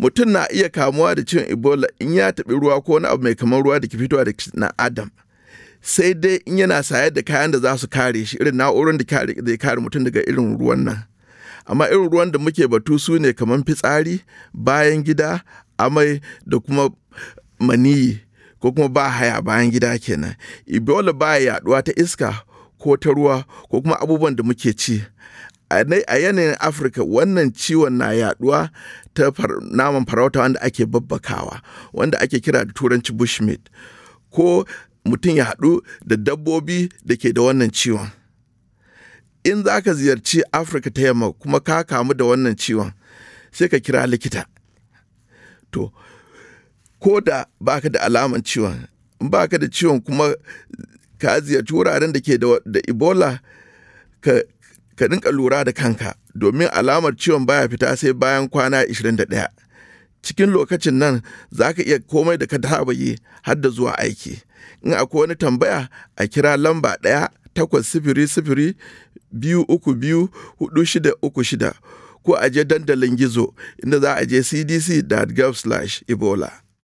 mutum na iya kamuwa da ciwon ebola in ya taɓi ruwa ko wani abu mai kamar ruwa da ke fitowa da na adam sai dai in yana sayar da kayan da za su kare shi irin na'urar da zai kare mutum daga irin ruwan nan amma irin ruwan da muke batu su ne kamar fitsari bayan gida amai da kuma maniyi ko kuma ba haya bayan gida kenan ebola ba yaɗuwa ta iska ko ta ruwa ko kuma abubuwan da muke ci a yanayin afirka wannan ciwon na yaduwa ta naman farauta wanda ake babbakawa wanda ake kira da turanci bushmeat ko mutum ya haɗu da dabbobi da ke da wannan ciwon in za ka ziyarci afirka ta yamma kuma ka kamu da wannan ciwon sai ka kira likita to ko da baka da alaman ciwon in baka da ciwon kuma ka ziyarci wuraren da ke da ebola ka ka dinka lura da kanka domin alamar ciwon baya fita sai bayan kwana 21 cikin lokacin nan za ka iya komai da ka saba yi har da zuwa aiki in akwai wani tambaya a kira lamba ɗaya takwas sifiri sifiri biyu uku biyu hudu shida uku shida ko a je dandalin gizo inda za a je cdc.gov/ebola